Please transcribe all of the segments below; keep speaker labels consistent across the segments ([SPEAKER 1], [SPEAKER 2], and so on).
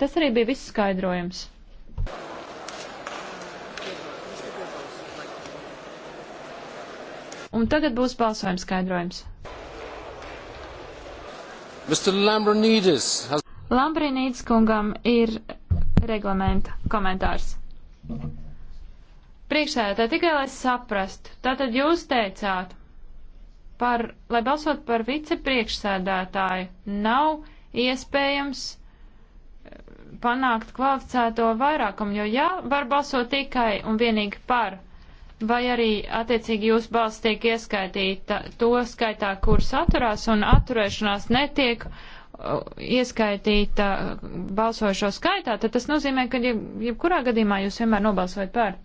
[SPEAKER 1] Tas arī bija viss skaidrojums. Un tagad būs balsojums skaidrojums.
[SPEAKER 2] Lambrinīdis has...
[SPEAKER 1] Lambrinīdis kungam ir reglamenta komentārs. Priekšsēdētāji, tikai lai saprastu, tātad jūs teicāt, par, lai balsot par vicepriekšsēdētāju nav iespējams panākt kvalificēto vairākumu, jo jā, var balsot tikai un vienīgi par, vai arī attiecīgi jūsu balss tiek ieskaitīta to skaitā, kur saturās un atturēšanās netiek uh, ieskaitīta balsojošo skaitā, tad tas nozīmē, ka jeb, jebkurā gadījumā jūs vienmēr nobalsojat par.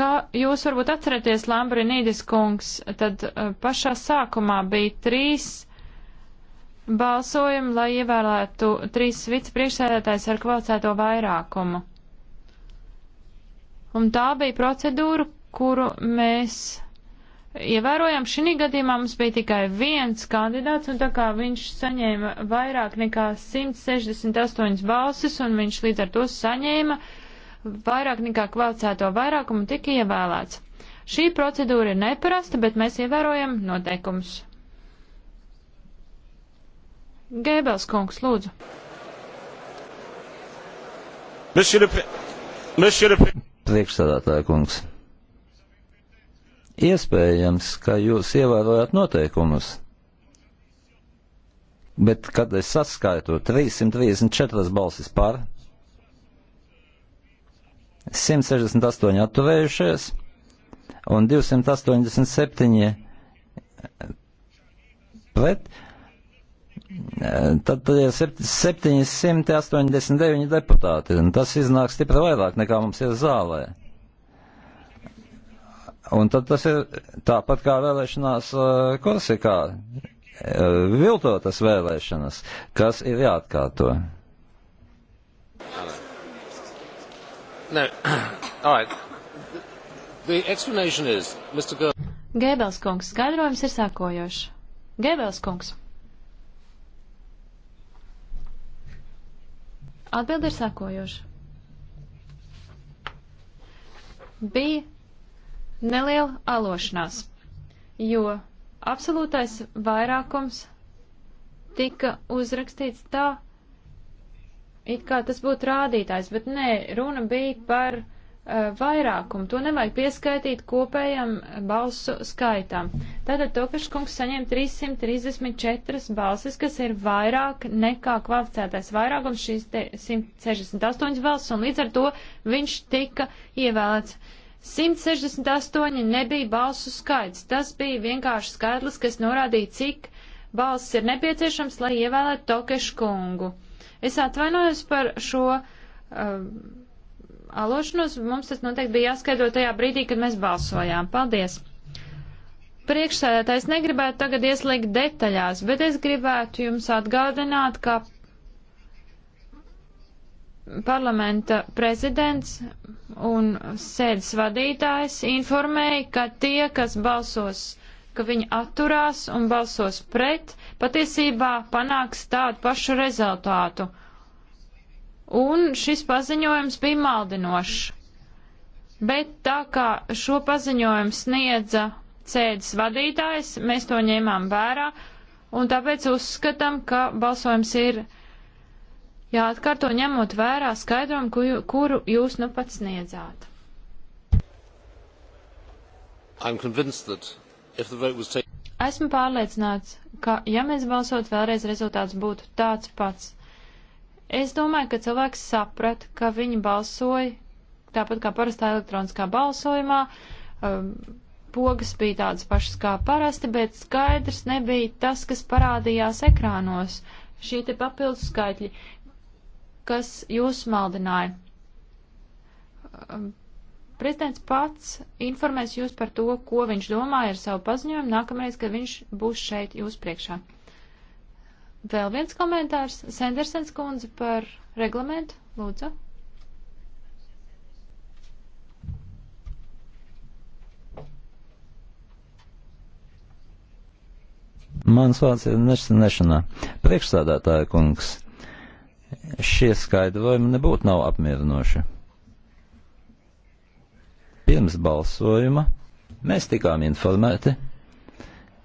[SPEAKER 1] Kā jūs varbūt atceraties, Lambrinīdis kungs, tad uh, pašā sākumā bija trīs Balsojam, lai ievēlētu trīs vicepriekšsēdētājs ar kvalificēto vairākumu. Un tā bija procedūra, kuru mēs ievērojam. Šī gadījumā mums bija tikai viens kandidāts, un tā kā viņš saņēma vairāk nekā 168 balsis, un viņš līdz ar to saņēma vairāk nekā kvalificēto vairākumu, tika ievēlēts. Šī procedūra ir neparasta, bet mēs ievērojam noteikumus. Gēbels kungs, lūdzu.
[SPEAKER 3] Priekšsēdētāja kungs. Iespējams, ka jūs ievērojat noteikumus, bet kad es saskaitu 334 balsis par, 168 attuvējušies un 287 pret, tad, tad ir 789 deputāti, un tas iznāk stipri vairāk nekā mums ir zālē. Un tad tas ir tāpat kā vēlēšanās uh, Korsikā, uh, viltotas vēlēšanas, kas ir jāatkārto.
[SPEAKER 2] No. All right. The explanation is, Mr.
[SPEAKER 1] Goebbels kungs, skaidrojums ir sākojošs. Goebbels kungs. Atbildi ir sekojoša. Bija neliela alošanās, jo absolūtais vairākums tika uzrakstīts tā, it kā tas būtu rādītājs, bet nē, runa bija par Eh, vairākumu. To nevajag pieskaitīt kopējam balsu skaitam. Tātad Tokaškungs saņem 334 balsis, kas ir vairāk nekā kvalificētais vairākums šīs 168 balsis, un līdz ar to viņš tika ievēlēts. 168 nebija balsu skaits. Tas bija vienkārši skaitlis, kas norādīja, cik balsis ir nepieciešams, lai ievēlētu Tokešu kungu. Es atvainojos par šo uh, alošanos. Mums tas noteikti bija jāskaidro tajā brīdī, kad mēs balsojām. Paldies! Priekšsēdētājs negribētu tagad ieslēgt detaļās, bet es gribētu jums atgādināt, ka parlamenta prezidents un sēdes vadītājs informēja, ka tie, kas balsos ka viņi atturās un balsos pret, patiesībā panāks tādu pašu rezultātu un šis paziņojums bija maldinošs. Bet tā kā šo paziņojumu sniedza sēdes vadītājs, mēs to ņēmām vērā, un tāpēc uzskatām, ka balsojums ir jāatkārto ņemot vērā skaidrumu, kuru, kuru jūs nu pats sniedzāt. Esmu pārliecināts, ka ja mēs balsot vēlreiz, rezultāts būtu tāds pats. Es domāju, ka cilvēks saprata, ka viņi balsoja tāpat kā parastā elektroniskā balsojumā. Um, pogas bija tādas pašas kā parasti, bet skaidrs nebija tas, kas parādījās ekrānos. Šie te papildus skaitļi, kas jūs maldināja. Um, prezidents pats informēs jūs par to, ko viņš domāja ar savu paziņojumu nākamreiz, kad viņš būs šeit jūs priekšā. Vēl viens komentārs Sendersens kundze par reglamentu. Lūdzu.
[SPEAKER 3] Mans vārds ir nešanā. Priekšstādātāja kungs, šie skaidrojumi nebūtu nav apmierinoši. Pirms balsojuma mēs tikām informēti,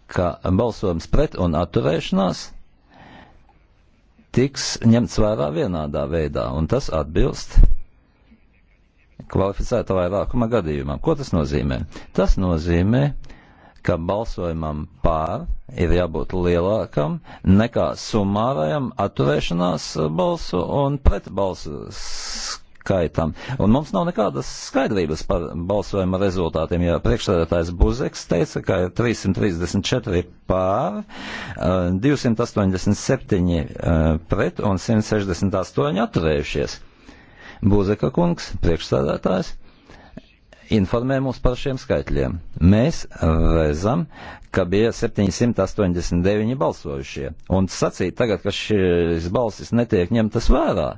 [SPEAKER 3] ka balsojums pret un atturēšanās tiks ņemts vērā vienādā veidā, un tas atbilst kvalificēta vairākuma gadījumam. Ko tas nozīmē? Tas nozīmē, ka balsojumam pār ir jābūt lielākam nekā sumārajam atturēšanās balsu un pretbalsu kaitam. Un mums nav nekādas skaidrības par balsojuma rezultātiem, jo priekšsēdētājs Buzeks teica, ka 334 pār, 287 eh, eh, pret un 168 atturējušies. Buzeka kungs, priekšsēdētājs, informē mūs par šiem skaitļiem. Mēs redzam, ka bija 789 balsojušie, un sacīt tagad, ka šīs balsis netiek ņemtas vērā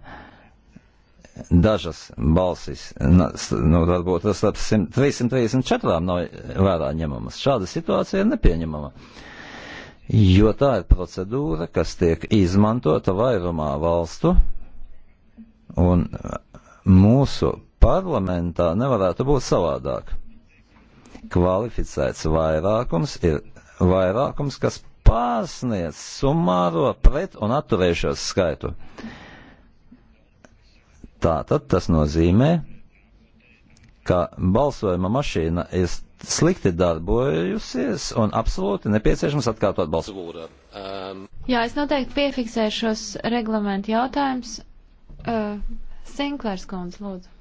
[SPEAKER 3] dažas balsis, nu, varbūt tas ap 334 nav vērā ņemamas. Šāda situācija ir nepieņemama. Jo tā ir procedūra, kas tiek izmantota vairumā valstu, un mūsu parlamentā nevarētu būt savādāk. Kvalificēts vairākums ir vairākums, kas pārsniedz sumāro pret un atturējušos skaitu. Uh, Tātad tas nozīmē, ka balsojuma mašīna ir slikti darbojusies un absolūti nepieciešams atkārtot balsu.
[SPEAKER 1] Jā, es noteikti piefiksēšu šos reglamentu jautājumus. Uh, Sinklērs kundz, lūdzu.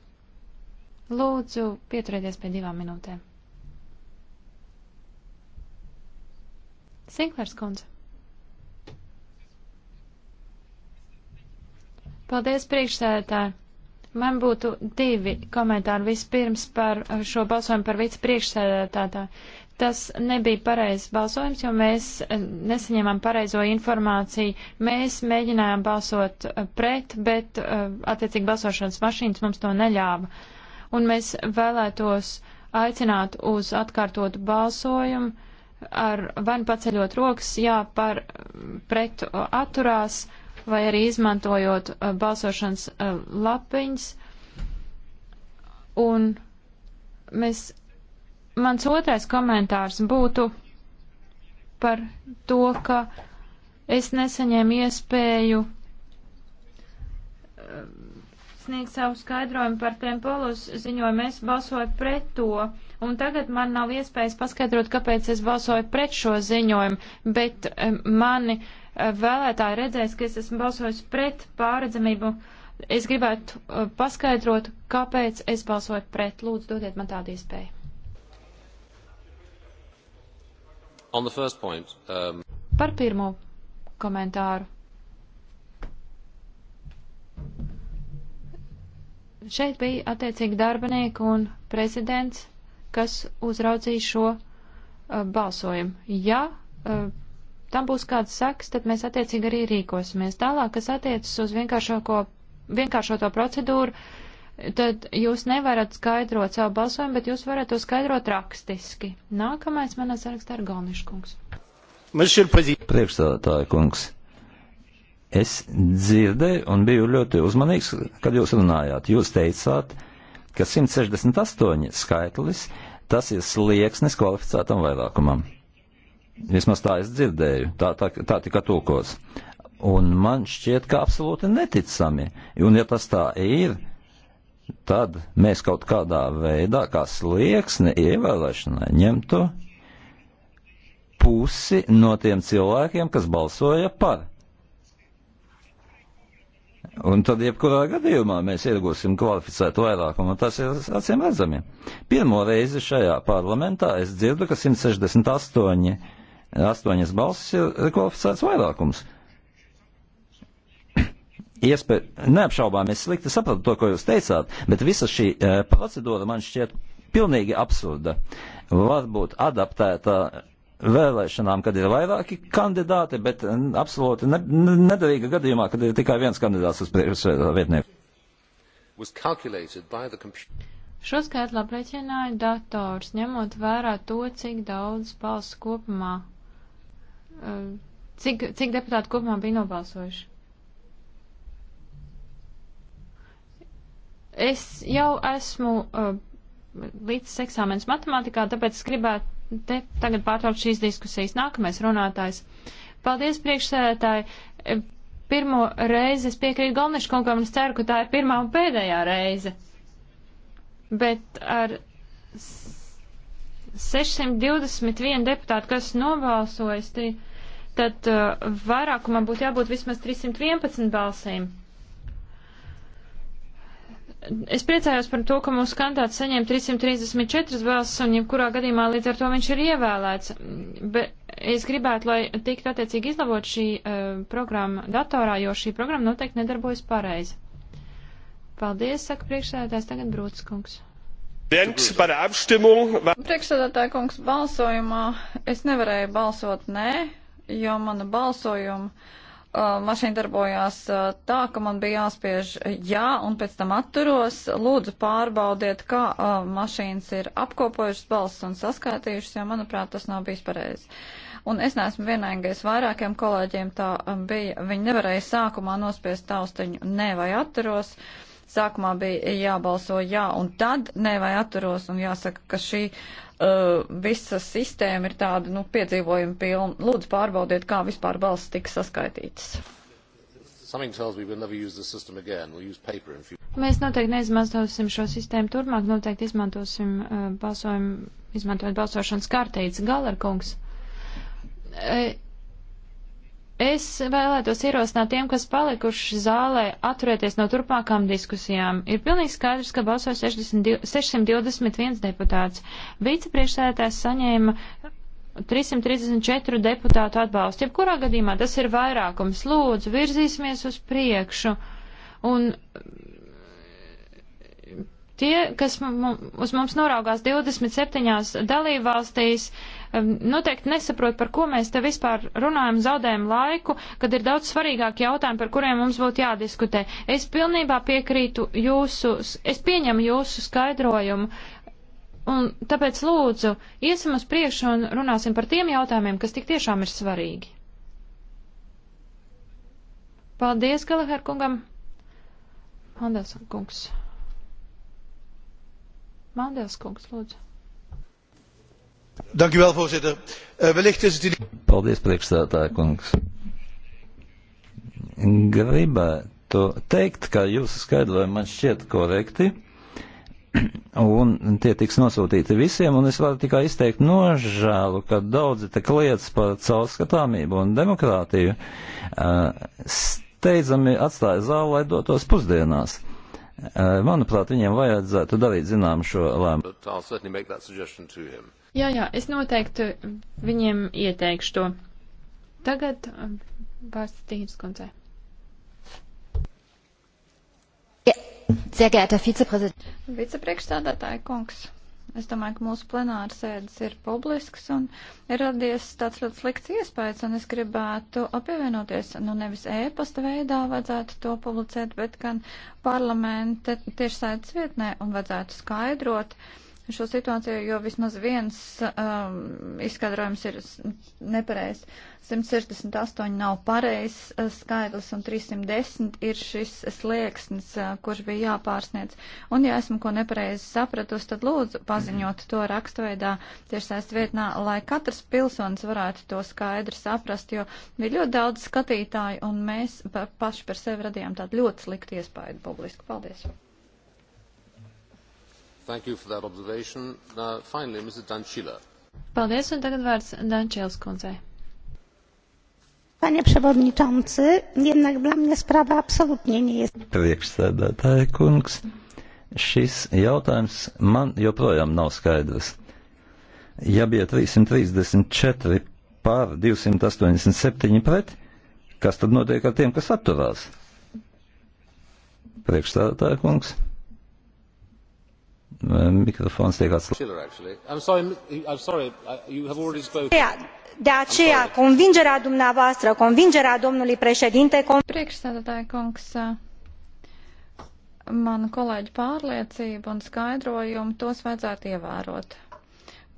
[SPEAKER 1] Lūdzu, pieturieties pie divām minūtēm. Sinklērs kundz. Paldies, priekšsēdētāji. Man būtu divi komentāri vispirms par eh, šo balsojumu par vicepriekšsēdētātā. Tas nebija pareizs balsojums, jo mēs eh, nesaņēmām pareizo informāciju. Mēs mēģinājām balsot eh, pret, bet attiecīgi balsošanas mašīnas mums to neļāva. Un mēs vēlētos aicināt uz atkārtotu balsojumu ar vai paceļot rokas, jā, par pret atturās vai arī izmantojot uh, balsošanas uh, lapiņas. Un mēs, mans otrais komentārs būtu par to, ka es nesaņēmu iespēju uh, sniegt savu skaidrojumu par Tempolus ziņojumu, es balsoju pret to, un tagad man nav iespējas paskaidrot, kāpēc es balsoju pret šo ziņojumu, bet um, mani uh, vēlētāji redzēs, ka es esmu balsojis pret pārredzamību. Es gribētu uh, paskaidrot, kāpēc es balsoju pret. Lūdzu, dodiet man tādu iespēju.
[SPEAKER 2] Point, um...
[SPEAKER 1] Par pirmo komentāru. Šeit bija attiecīgi darbinieki un prezidents, kas uzraudzīja šo uh, balsojumu. Ja uh, tam būs kāds saks, tad mēs attiecīgi arī rīkosimies. Tālāk, kas attiecas uz vienkāršoto procedūru, tad jūs nevarat skaidrot savu balsojumu, bet jūs varat to skaidrot rakstiski. Nākamais manā sarakstā ir Galniškungs.
[SPEAKER 3] Priekšstādātāja kungs, es dzirdēju un biju ļoti uzmanīgs, kad jūs runājāt. Jūs teicāt, ka 168 skaitlis tas ir slieksnis kvalificētam vairākumam. Vismaz tā es dzirdēju, tā, tā, tā tika tūkots. Un man šķiet, ka absolūti neticami. Un ja tas tā ir, tad mēs kaut kādā veidā, kā slieksni ievēlēšanai, ņemtu pusi no tiem cilvēkiem, kas balsoja par. Un tad, jebkurā gadījumā, mēs iegūsim kvalificētu vairākumu, un tas ir acīm redzami. Pirmo reizi šajā parlamentā es dzirdu, ka 168 astoņas balsis ir kvalificēts vairākums. Iespēj, neapšaubām es slikti sapratu to, ko jūs teicāt, bet visa šī uh, procedūra man šķiet pilnīgi absurda. Varbūt adaptēta vēlēšanām, kad ir vairāki kandidāti, bet absolūti ne, nedarīga gadījumā, kad ir tikai viens kandidāts uz priekšsēdā e, vietnieku.
[SPEAKER 1] Šo skaitlu aprēķināja dators, ņemot vērā to, cik daudz balsu kopumā Ehm, cik, cik deputāti kopumā bija nobalsojuši? Es jau esmu uh, ehm, līdz eksāmenes matemātikā, tāpēc es gribētu te tagad pārtraukt šīs diskusijas. Nākamais runātājs. Paldies, priekšsēdētāji. Ehm, pirmo reizi es piekrītu Galnišu kungam un es ceru, ka tā ir pirmā un pēdējā reize. Bet ar 621 deputāti, kas nobalsojas, tad uh, vairākumā būtu jābūt vismaz 311 balsīm. Es priecājos par to, ka mūsu kandidāts saņēma 334 balsis, un jebkurā gadījumā līdz ar to viņš ir ievēlēts. Bet es gribētu, lai tiktu attiecīgi izlabot šī uh, programma datorā, jo šī programma noteikti nedarbojas pareizi. Paldies, saka priekšsēdētājs, tagad Brūtskungs.
[SPEAKER 3] Priekšsēdētāja
[SPEAKER 4] kungs, balsojumā es nevarēju balsot nē, jo mana balsojuma uh, mašīna darbojās uh, tā, ka man bija jāspiež jā un pēc tam atturos. Lūdzu pārbaudiet, kā uh, mašīnas ir apkopojušas balsis un saskaitījušas, jo manuprāt tas nav bijis pareizi. Un es neesmu vienīgais, vairākiem kolēģiem tā um, bija. Viņi nevarēja sākumā nospiest taustiņu nē vai atturos. Uh, Sākumā bija jābalso jā, un tad ne vai atturos, un jāsaka, ka šī uh, visa sistēma ir tāda, nu, piedzīvojuma pilna.
[SPEAKER 1] Lūdzu, pārbaudiet, kā vispār balsts tika saskaitītas. Mēs noteikti neizmantosim šo sistēmu turpmāk, noteikti izmantosim uh, balsojumu, izmantojot balsošanas kārtītes. Galerkungs. Uh, Es vēlētos ierosināt tiem, kas palikuši zālē, atturēties no turpmākām diskusijām. Ir pilnīgi skaidrs, ka balsoja 621 deputāts. Vicepriekšsēdētājs saņēma 334 deputātu atbalstu. Jebkurā gadījumā tas ir vairākums. Lūdzu, virzīsimies uz priekšu. Un tie, kas mums, uz mums noraugās 27 dalībvalstīs, uh, noteikti nesaprot, par ko mēs te vispār runājam, zaudējam laiku, kad ir daudz svarīgāk jautājumi, par kuriem mums būtu jādiskutē. Es pilnībā piekrītu jūsu, es pieņemu jūsu skaidrojumu. Un tāpēc lūdzu, iesim uz priekšu un runāsim par tiem jautājumiem, kas tik tiešām ir svarīgi. Paldies, Galahar kungam. Mandels kungs. Mandels kungs, lūdzu
[SPEAKER 2] voorzitter eh, wellicht is het.
[SPEAKER 3] Paldies, priekšstādātāja kungs. Gribētu teikt, ka jūsu skaidrojumi man šķiet korekti, un tie tiks nosūtīti visiem, un es varu tikai izteikt nožēlu, ka daudzi te kliedz par caurskatāmību un demokrātiju eh, steidzami atstāja zāli, lai dotos pusdienās. Eh, manuprāt, viņiem vajadzētu darīt zinām šo lēmumu.
[SPEAKER 1] Jā, jā, es noteikti viņiem ieteikšu to. Tagad um, vārds Tīnas kundzei. Sehr geehrter Vizepräsident. Vicepriekšstādātāja kungs,
[SPEAKER 4] es domāju, ka mūsu plenāra sēdes ir publisks un ir radies tāds ļoti slikts iespējas, un es gribētu pievienoties, nu nevis ēpasta e veidā vajadzētu to publicēt, bet gan parlamenta tiešsaites vietnē un vajadzētu skaidrot. Uh, šo situāciju, jo vismaz viens um, izskaidrojums ir nepareizs. 168 nav pareizs uh, skaidrs un 310 ir šis slieksnis, uh, kurš bija jāpārsniec. Un ja esmu ko nepareizi sapratusi, tad lūdzu paziņot to rakstveidā tiešsaist vietnā, lai katrs pilsonis varētu to skaidri saprast, jo bija ļoti daudz skatītāju un mēs paši par sevi radījām tādu ļoti
[SPEAKER 1] sliktu iespēju publisku. Paldies!
[SPEAKER 2] Thank you for that observation. Now, finally, Mrs. Dančila.
[SPEAKER 1] Paldies, un tagad vārds Dančils kundzei. Panie przewodniczący, jednak dla mnie sprawa absolutnie nie
[SPEAKER 4] jest.
[SPEAKER 3] Priekšsēdētāja kungs, šis jautājums man joprojām nav skaidrs. Ja bija 334 pār 287 pret, kas tad notiek ar tiem, kas atturās? Priekšstādātāja kungs. Microfons tiek atslēgts.
[SPEAKER 4] De aceea, convingerea dumneavoastră, convingerea domnului președinte... Priekšstādātāja kungs, man kolēģi pārliecība un skaidrojumi, tos vajadzētu ievērot.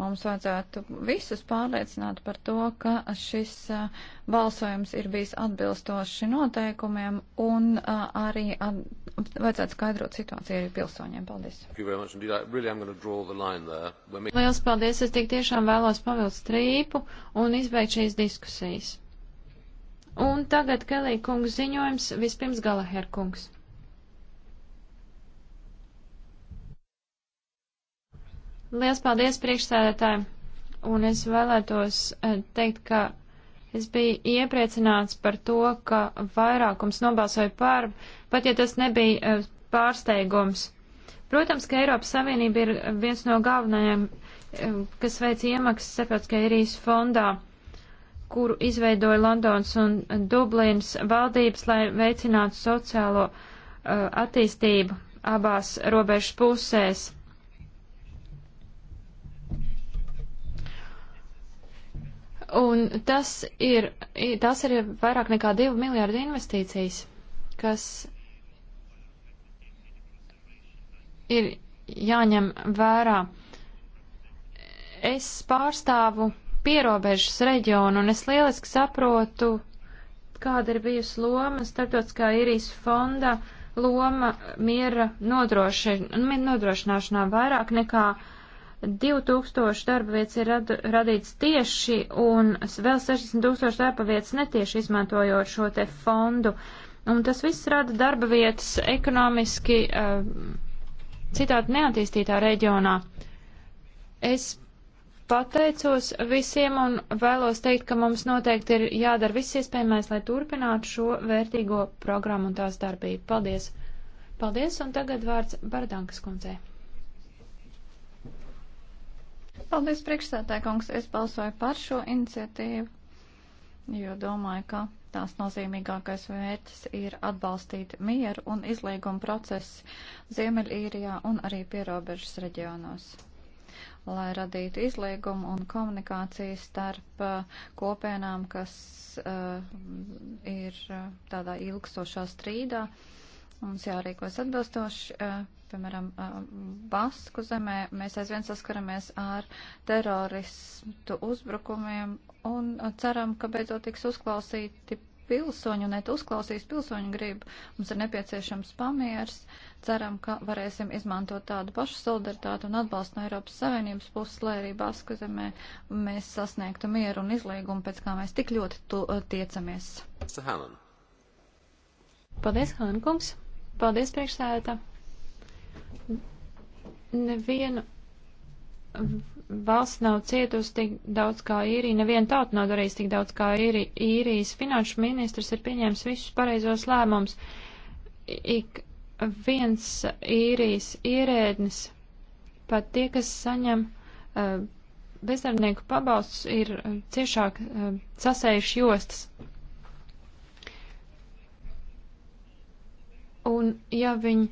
[SPEAKER 4] Mums vajadzētu visus pārliecināt par to, ka šis balsojums ir bijis atbilstoši noteikumiem un arī
[SPEAKER 1] at, vajadzētu skaidrot situāciju arī pilsoņiem. Paldies. Lielas paldies. Es tik tiešām vēlos pavilst strīpu un izbeigt šīs diskusijas. Un tagad Kelī kungs ziņojums, vispirms Galaher kungs. Liels paldies priekšsēdētājiem, un es vēlētos eh, teikt, ka es biju iepriecināts par to, ka vairākums nobalsoja par, pat ja tas nebija eh, pārsteigums. Protams, ka Eiropas Savienība ir viens no galvenajiem, eh, kas veic iemaksas starptautiskajā īrijas fondā, kuru izveidoja Londons un Dublīnas valdības, lai veicinātu sociālo uh, attīstību abās robežas pusēs. Un tas ir, tas ir vairāk nekā 2 miljārdu investīcijas, kas ir jāņem vērā. Es pārstāvu pierobežas reģionu, un es lieliski saprotu, kāda ir bijusi loma starptautiskā īrijas fonda loma miera nodroši, nodrošināšanā vairāk nekā uh, 2000 darba vietas ir rad, radīts tieši un vēl 60 tūkstoši darba vietas netieši izmantojot šo te fondu. Un tas viss rada darba vietas ekonomiski uh, citādi neattīstītā reģionā. Es pateicos visiem un vēlos teikt, ka mums noteikti ir jādara viss iespējamais, lai turpinātu šo vērtīgo programmu un tās darbību. Paldies! Paldies, un tagad vārds Bardankas kundzei.
[SPEAKER 4] Paldies, priekšsētāji kungs. Es balsoju par šo iniciatīvu, jo domāju, ka tās nozīmīgākais mērķis ir atbalstīt mieru un izlīgumu procesu Ziemeļīrijā un arī pierobežas reģionos lai radītu izlīgumu un komunikāciju starp uh, kopienām, kas uh, ir uh, tādā ilgstošā strīdā. Uh, Mums jārīkos atbilstoši, eh, piemēram, eh, Basku zemē mēs aizvien saskaramies ar teroristu uzbrukumiem un eh, ceram, ka beidzot tiks uzklausīti pilsoņu, un net uzklausīs pilsoņu gribu. Mums ir nepieciešams pamieris. Ceram, ka varēsim izmantot tādu pašu solidaritātu un atbalstu no Eiropas Savienības puses, lai arī Basku zemē mēs sasniegtu mieru un izlīgumu, pēc kā mēs tik
[SPEAKER 1] ļoti tiecamies. Paldies, Hankungs! Paldies, priekšsēdētā. Nevienu valsts nav cietusi tik daudz kā īrija, neviena tauta nav darījusi tik daudz kā īrija. Īrijas finanšu ministrs ir pieņēmis visus pareizos lēmumus. Ik viens īrijas ierēdnis, pat tie, kas saņem uh, bezdarbnieku pabalstus, ir ciešāk uh, sasējuši jostas. Un ja viņi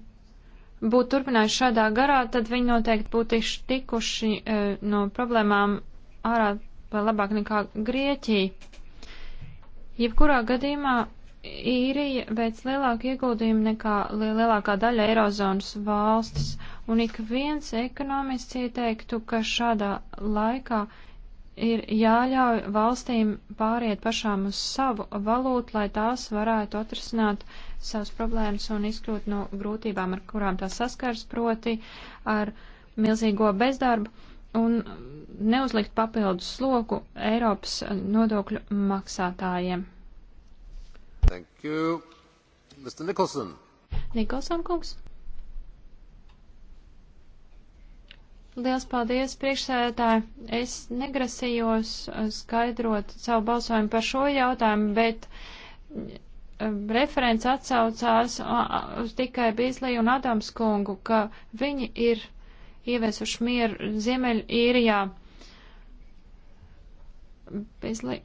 [SPEAKER 1] būtu turpinājuši šādā garā, tad viņi noteikti būtu tikuši e, no problēmām ārā vēl labāk nekā Grieķija. Jebkurā gadījumā īrija veic lielāku ieguldījumu nekā lielākā daļa Eirozonas valstis, un ik viens ekonomists ieteiktu, ka šādā laikā uh, ir jāļauj valstīm pāriet pašām uz savu valūtu, lai tās varētu atrisināt savas problēmas un izkļūt no grūtībām, ar kurām tās saskars proti ar milzīgo bezdarbu un neuzlikt papildus sloku Eiropas nodokļu maksātājiem.
[SPEAKER 2] Thank you. Mr. Nicholson.
[SPEAKER 1] Nicholson kungs. Liels paldies, priekšsēdētāji. Es negrasījos uh, skaidrot savu balsojumu par šo jautājumu, bet uh, referents atsaucās uh, uz tikai Bīsliju un Adams kungu, ka viņi ir ieviesuši mieru Ziemeļīrijā. Bīsli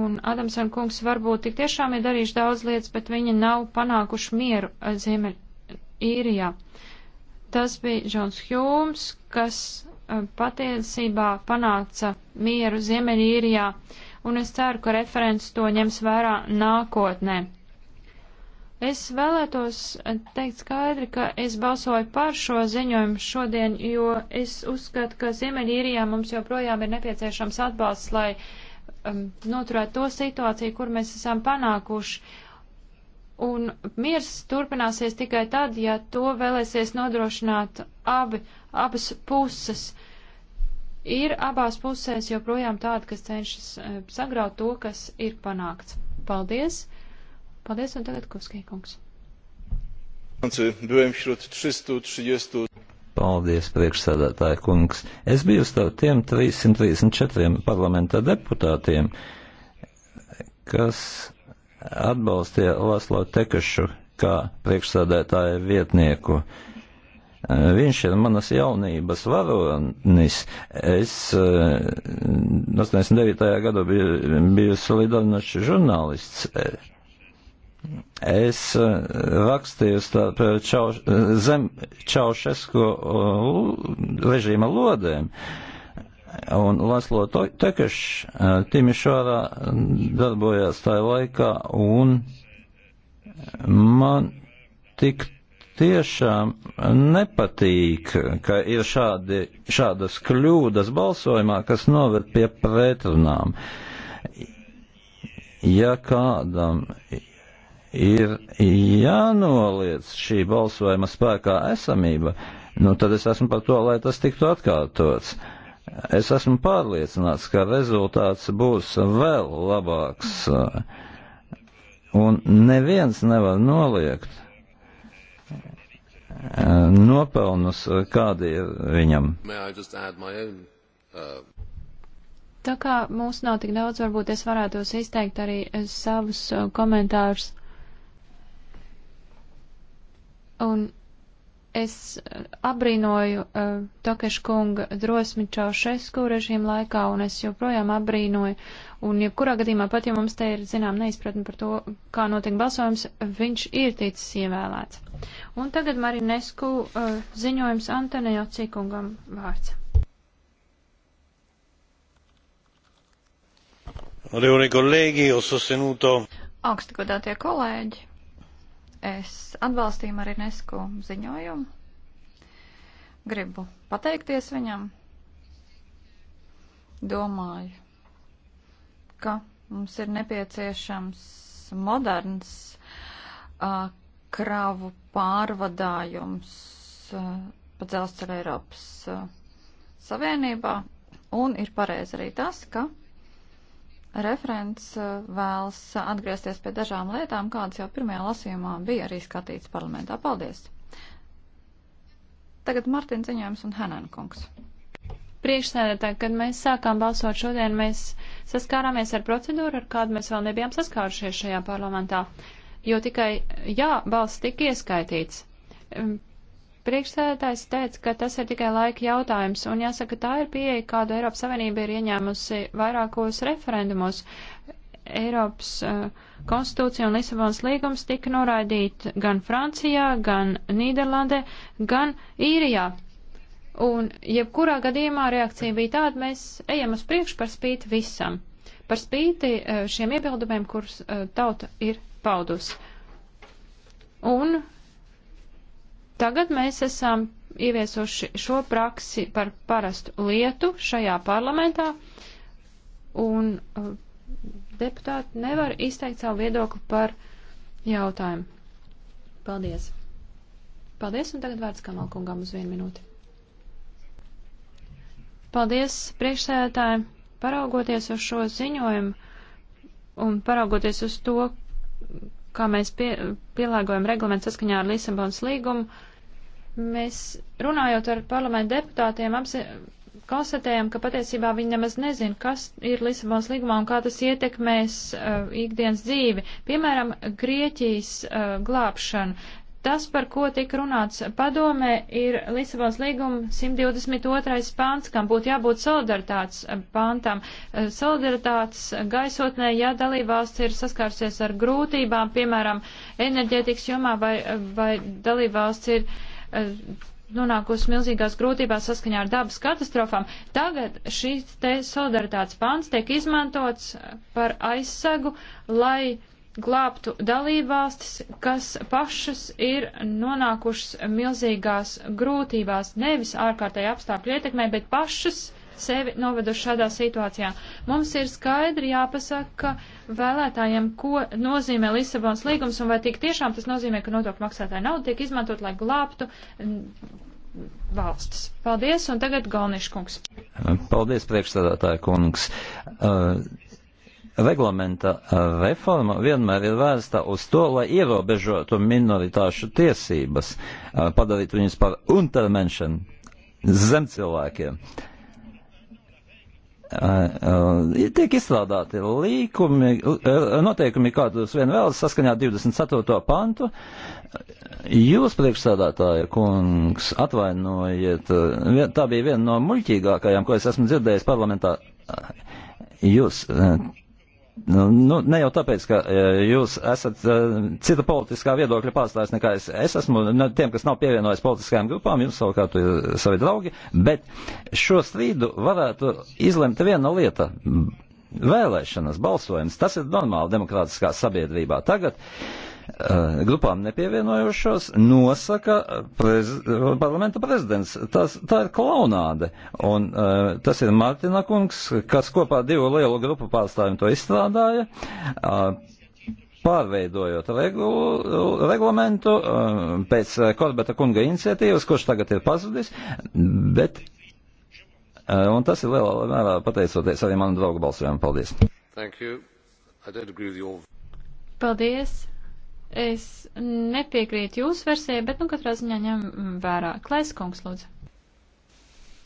[SPEAKER 1] un Adamson kungs varbūt tik tiešām ir darījuši daudz lietas, bet viņi nav panākuši mieru Ziemeļīrijā. Uh, Tas bija Džons Hjūms, kas eh, patiesībā panāca mieru Ziemeļīrijā, un es ceru, ka referents to ņems vērā nākotnē. Es vēlētos teikt skaidri, ka es balsoju par šo ziņojumu šodien, jo es uzskatu, ka Ziemeļīrijā mums joprojām ir nepieciešams atbalsts, lai um, noturētu to situāciju, kur mēs esam panākuši. Un miers turpināsies tikai tad, ja to vēlēsies nodrošināt abi, abas puses. Ir abās pusēs joprojām tāda, kas cenšas e, sagraut to, kas ir panākts. Paldies! Paldies, un tagad Kuskīkungs.
[SPEAKER 3] Paldies, priekšsādātāja kungs. Es biju starp tiem 334 parlamentā deputātiem, kas atbalstīja Laslo Tekašu kā priekšsādētāja vietnieku. Viņš ir manas jaunības varonis. Es 89. Eh, gadā biju, biju solidarnošs žurnālists. Es eh, rakstīju starp čau, zem Čaušesko eh, režīma lodēm. Uh, un Laslo Tekešs Timišārā darbojās tajā laikā, un man tik tiešām nepatīk, ka ir šādi, šādas kļūdas balsojumā, kas noved pie pretrunām. Ja kādam ir jānoliec šī balsojuma spēkā esamība, nu tad es esmu par to, lai tas tiktu atkārtots. Uh, Es esmu pārliecināts, ka rezultāts būs vēl labāks, un neviens nevar noliegt eh, nopelnus, kādi ir viņam.
[SPEAKER 2] Uh,
[SPEAKER 1] Tā kā mūs nav tik daudz, varbūt es varētu izteikt arī eh, savus eh, komentārus. Un Es eh, abrīnoju uh, eh, Tokeša kunga drosmi Čaušesku režīmu laikā, un es joprojām abrīnoju, un jebkurā gadījumā, pat ja mums te ir, zinām, neizpratni par to, kā notiek balsojums, viņš ir ticis ievēlēts. Un tagad Marinesku uh, ziņojums Antonijā Cikungam vārds.
[SPEAKER 3] Onorevoli colleghi, ho sostenuto.
[SPEAKER 4] Augsti godātie kolēģi, Mēs atbalstījām arī Nesku ziņojumu. Gribu pateikties viņam. Domāju, ka mums ir nepieciešams moderns uh, kravu pārvadājums uh, pa dzelzceļa Eiropas uh, Savienībā. Un ir pareizi arī tas, ka Referents eh, vēlas atgriezties pie dažām lietām, kādas jau pirmajā lasījumā bija arī skatīts parlamentā.
[SPEAKER 1] Paldies! Tagad Martins ziņojums un Henan kungs. Priekšsēdētāji, kad mēs sākām balsot šodien, mēs saskārāmies ar procedūru, ar kādu mēs vēl nebijām saskārušies šajā parlamentā, jo tikai jā, balss tika ieskaitīts Priekšsēdētājs teica, ka tas ir tikai laika jautājums, un jāsaka, tā ir pieeja, kādu Eiropas Savienība ir ieņēmusi vairākos referendumus. Eiropas uh, konstitūcija un Lisabonas līgums tika noraidīti gan Francijā, gan Nīderlandē, gan Īrijā. Un jebkurā gadījumā reakcija bija tāda, mēs ejam uz priekšu par spīti visam, par spīti uh, šiem iebildumiem, kurus uh, tauta ir paudusi. Un Tagad mēs esam ieviesuši šo praksi par parastu lietu šajā parlamentā, un uh, deputāti nevar izteikt savu viedokli par jautājumu. Paldies! Paldies, un tagad vārds Kamalkungam uz vienu minūti. Paldies, priekšsēdētāji! Paraugoties uz šo ziņojumu un paraugoties uz to, kā mēs pie, pielāgojam reglamentu saskaņā ar Lisabonas līgumu, mēs runājot ar parlamentu deputātiem apzi, konstatējam, ka patiesībā viņi nemaz nezina, kas ir Lisabonas līgumā un kā tas ietekmēs uh, ikdienas dzīvi. Piemēram, Grieķijas uh, glābšana. Tas, par ko tika runāts padomē, ir Lisabons līguma 122. pāns, kam būtu jābūt solidaritātes pāntam. Solidaritātes gaisotnē, ja dalībvalsts ir saskārsies ar grūtībām, piemēram, enerģētikas jomā vai, vai dalībvalsts ir eh, nonākusi milzīgās grūtībās saskaņā ar dabas katastrofām, tagad šīs te solidaritātes pāns tiek izmantots par aizsegu, lai glābtu dalībvalstis, kas pašas ir nonākušas milzīgās grūtībās, nevis ārkārtēji apstākļu ietekmē, bet pašas sevi noveduši šādā situācijā. Mums ir skaidri jāpasaka vēlētājiem, ko nozīmē Lisabons līgums un vai tik tiešām tas nozīmē, ka nodokļu maksātāja nauda tiek izmantot, lai glābtu mm, valsts. Paldies, un tagad Galniškungs.
[SPEAKER 3] Paldies, priekšstādātāja kungs. Uh, Reglamenta eh, reforma vienmēr ir vērsta uz to, lai ierobežotu minoritāšu tiesības, eh, padarītu viņus par untermenšiem, zem cilvēkiem. Eh, tiek izstrādāti līkumi, noteikumi, kādus vien vēlas saskaņā 24. pantu. Jūs, priekšsādātāja kungs, atvainojiet, tā bija viena no muļķīgākajām, ko es esmu dzirdējis parlamentā. Jūs Nu, nu, ne jau tāpēc, ka e, jūs esat e, cita politiskā viedokļa pārstāvis nekā es. Es esmu ne, tiem, kas nav pievienojis politiskajām grupām, jums savukārt ir e, savi draugi, bet šo strīdu varētu izlemt viena lieta vēlēšanas, balsojums, tas ir normāli demokrātiskā sabiedrībā. Tagad Eh, grupām nepievienojušos nosaka eh, prez, eh, parlamenta prezidents. Tas, tā ir klaunāde. Un uh, tas ir Mārtiņa kungs, kas kopā ar divu lielu grupu pārstāvjiem to izstrādāja. Uh, Pārveidojot regulu, reglamentu uh, pēc Korbeta kunga iniciatīvas, kurš tagad ir pazudis, bet, uh, un tas ir lielā mērā pateicoties arī manu draugu balsojumam. Paldies!
[SPEAKER 1] Paldies! Es nepiekrītu jūsu versijai, bet nu katrā ziņā ņem vērā. Klaiskungs, lūdzu.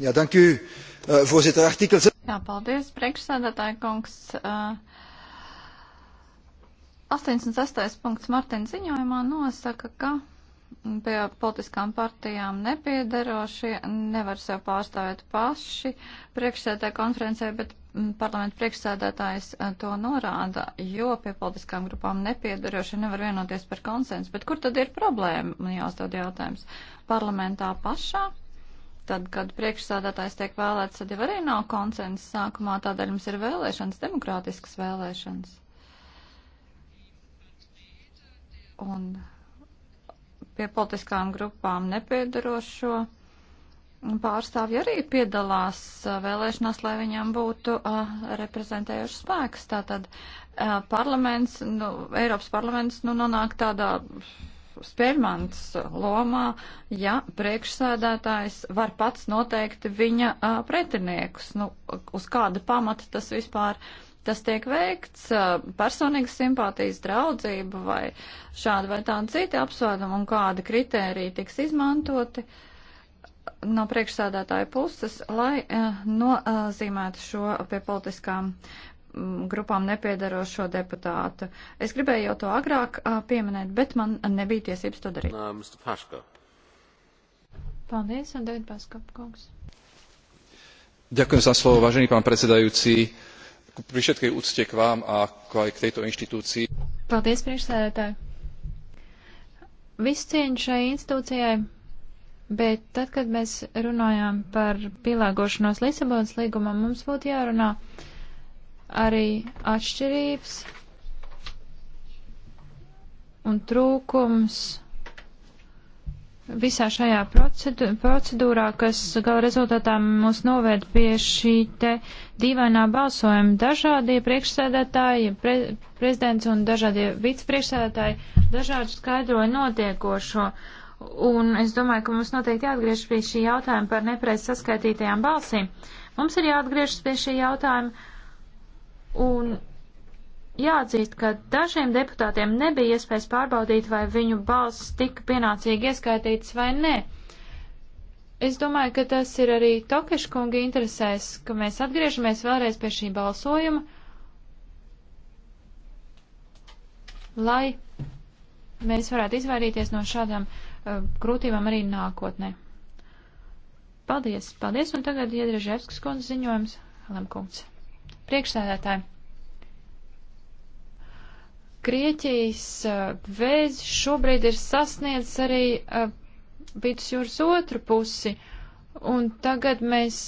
[SPEAKER 1] Jā, danku, uh,
[SPEAKER 3] voorzitter, artikels. Jā,
[SPEAKER 1] paldies, priekšsēdētāji kungs. Uh,
[SPEAKER 4] 86. punkts Martina ziņojumā nosaka, ka pie politiskām partijām nepiedarošie nevar sev pārstāvēt paši priekšsēdē konferencē, bet Mm, parlamenta priekšsēdētājs eh, to norāda, jo pie politiskām grupām nepiedarošie nevar vienoties par konsensu. Bet kur tad ir problēma? Man jāuzdod jautājums. Parlamentā pašā? Tad, kad priekšsādātājs tiek vēlēts, tad jau arī nav konsensa sākumā, tādēļ mums ir vēlēšanas, demokrātiskas vēlēšanas. Un pie politiskām grupām nepiedarošo pārstāvji arī piedalās uh, vēlēšanās, lai viņam būtu uh, reprezentējuši spēks. Tātad uh, parlaments, nu, Eiropas parlaments nu, nonāk tādā spēļmants lomā, ja priekšsēdētājs var pats noteikt viņa uh, pretiniekus. Nu, uz kāda pamata tas vispār tas tiek veikts, uh, personīgas simpātijas draudzība vai šādi vai tādi citi apsvērumi un kādi kritēriji tiks izmantoti. Uh, no priekšsādātāja puses, lai eh, nozīmētu šo pie politiskām mm, grupām nepiedarošo deputātu. Es gribēju jau to agrāk eh, pieminēt, bet man nebija tiesības to darīt.
[SPEAKER 2] Nā,
[SPEAKER 1] Paldies, un David Paskap, kungs.
[SPEAKER 2] Ďakujem za slovo, vážený pán predsedajúci. Pri všetkej úcte k vám a aj
[SPEAKER 1] k tejto inštitúcii. Paldies, priekšsēdētāji. Viss cieņš šai institūcijai Bet tad, kad mēs runājām par pielāgošanos Lisabonas līgumam, mums būtu jārunā arī atšķirības un trūkums visā šajā procedūrā, kas gala rezultātā mūs noved pie šī te dīvainā balsojuma. Dažādie priekšsēdētāji, pre, prezidents un dažādie vicepriekšsēdētāji dažādi skaidroja notiekošo. Uh, Un es domāju, ka mums noteikti jāatgriež pie šī jautājuma par nepreiz saskaitītajām balsīm. Mums ir jāatgriežas pie šī jautājuma un jāatzīst, ka dažiem deputātiem nebija iespējas pārbaudīt, vai viņu balss tika pienācīgi ieskaitītas vai nē. Es domāju, ka tas ir arī Tokeškunga interesēs, ka mēs atgriežamies vēlreiz pie šī balsojuma, lai mēs varētu izvairīties no šādām Eh, grūtībām arī nākotnē. Paldies, paldies, un tagad Iedrieževskas kundze ziņojums, Lemkungs. Priekšsēdētāji. Grieķijas eh, vēzis šobrīd ir sasniedzis arī eh, vidusjūras otru pusi, un tagad mēs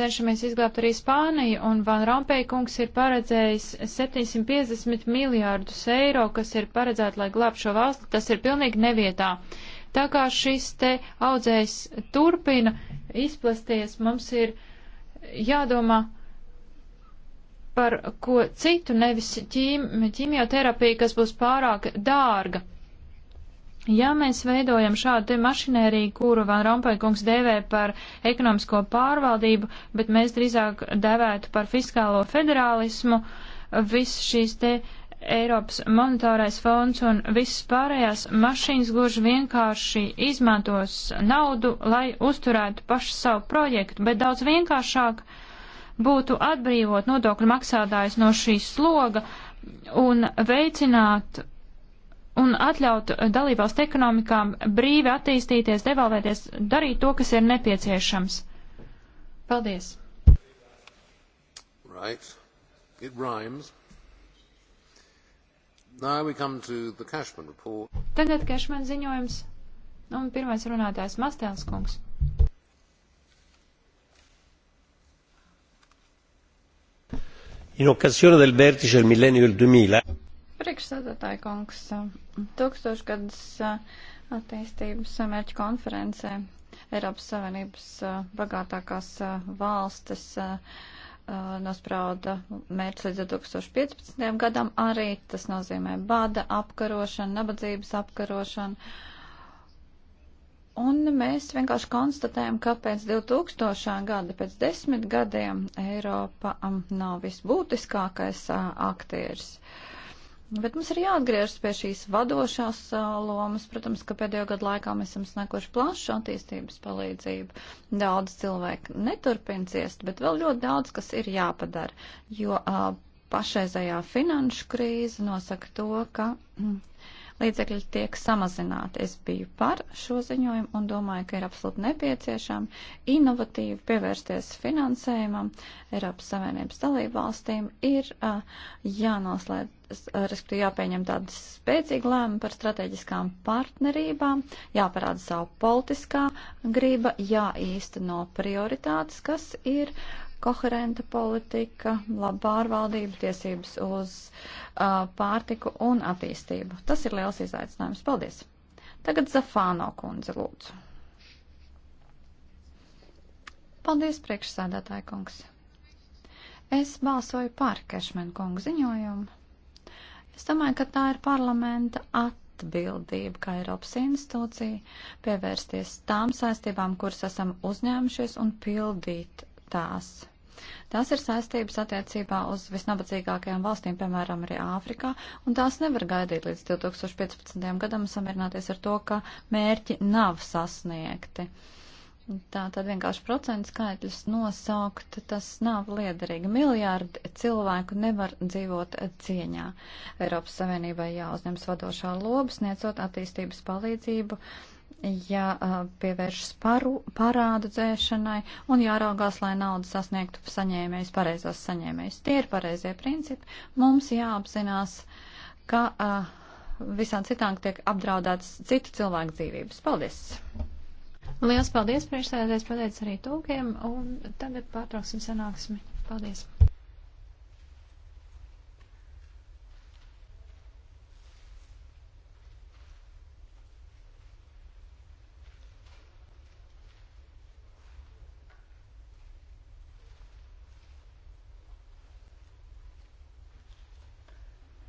[SPEAKER 1] cenšamies izglābt arī Spāniju, un Van Rompējkungs ir paredzējis 750 miljārdus eiro, kas ir paredzēti, lai glābtu šo valsti, tas ir pilnīgi nevietā. Uh, Tā kā šis te audzējs turpina izplasties, mums ir jādomā par ko citu, nevis ķīm, ķīmioterapiju, kas būs pārāk dārga. Ja mēs veidojam šādu te mašinēriju, kuru Van Rompēkungs dēvē par ekonomisko pārvaldību, bet mēs drīzāk dēvētu par fiskālo federālismu, viss šīs te uh, Eiropas monetārais fonds un viss pārējās mašīnas gluži vienkārši izmantos naudu, lai uzturētu pašu savu projektu, bet daudz vienkāršāk būtu atbrīvot nodokļu maksātājus no šīs sloga un veicināt un atļaut dalībvalstu ekonomikām brīvi attīstīties, devalvēties, darīt to, kas ir nepieciešams. Paldies!
[SPEAKER 2] Right. It rhymes. Tagad
[SPEAKER 1] Kešman ziņojums, nu, un pirmais runātājs Mastēls kungs.
[SPEAKER 3] In occasione del vertice del millennio del 2000.
[SPEAKER 4] Priekšsēdētāji kungs, tūkstošgadus uh, attīstības mērķu konferencē Eiropas Savienības uh, bagātākās uh, valstis. Uh, Uh, nosprauda mērķis līdz 2015. gadam arī. Tas nozīmē bada apkarošanu, nabadzības apkarošanu. Un mēs vienkārši konstatējam, ka pēc 2000. gada, pēc desmit gadiem, Eiropa um, nav visbūtiskākais uh, aktieris. Uh, Bet mums ir jāatgriežas pie šīs vadošās lomas. Protams, ka pēdējo gadu laikā mēs esam snieguši plašu attīstības palīdzību. Daudz cilvēku neturpin ciest, bet vēl ļoti daudz, kas ir jāpadara, jo a, pašreizējā finanšu krīze nosaka to, ka. Mm, līdzekļi tiek samazināti. Es biju par šo ziņojumu un domāju, ka ir absolūti nepieciešami inovatīvi pievērsties finansējumam. Eiropas Savienības dalību valstīm ir uh, jānoslēdz respektīvi jāpieņem tāda spēcīga lēma par strateģiskām parterībām, jāparāda savu politiskā grība, jāīsteno prioritātes, kas ir uh, koherenta politika, laba pārvaldība, tiesības uz uh, pārtiku un attīstību. Tas ir liels izaicinājums. Paldies! Tagad Zafāno kundze lūdzu. Paldies, priekšsēdētāji kungs. Es balsoju par Kešmenu kungu ziņojumu. Es domāju, ka tā ir parlamenta attīstība atbildība kā Eiropas institūcija pievērsties tām saistībām, kuras esam uzņēmušies un pildīt tās. Tās ir saistības attiecībā uz visnabadzīgākajām valstīm, piemēram, arī Āfrikā, un tās nevar gaidīt līdz 2015. gadam samierināties ar to, ka mērķi nav sasniegti. Tā tad vienkārši procentu skaitļus nosaukt, tas nav liederīgi. Miljārdi cilvēku nevar dzīvot cieņā. Eiropas Savienībai jāuzņems vadošā loba, sniedzot attīstības palīdzību. Uh, jāpievēršas paru, parādu dzēšanai un jāraugās, lai naudu sasniegtu saņēmējs, pareizos saņēmējs. Tie ir pareizie principi. Mums jāapzinās, ka uh, visām citām tiek apdraudētas citu cilvēku dzīvības. Paldies!
[SPEAKER 1] Lielas paldies priekšsēdētājs, pateicis arī tūkiem, un tagad pārtrauksim sanāksmi. Paldies!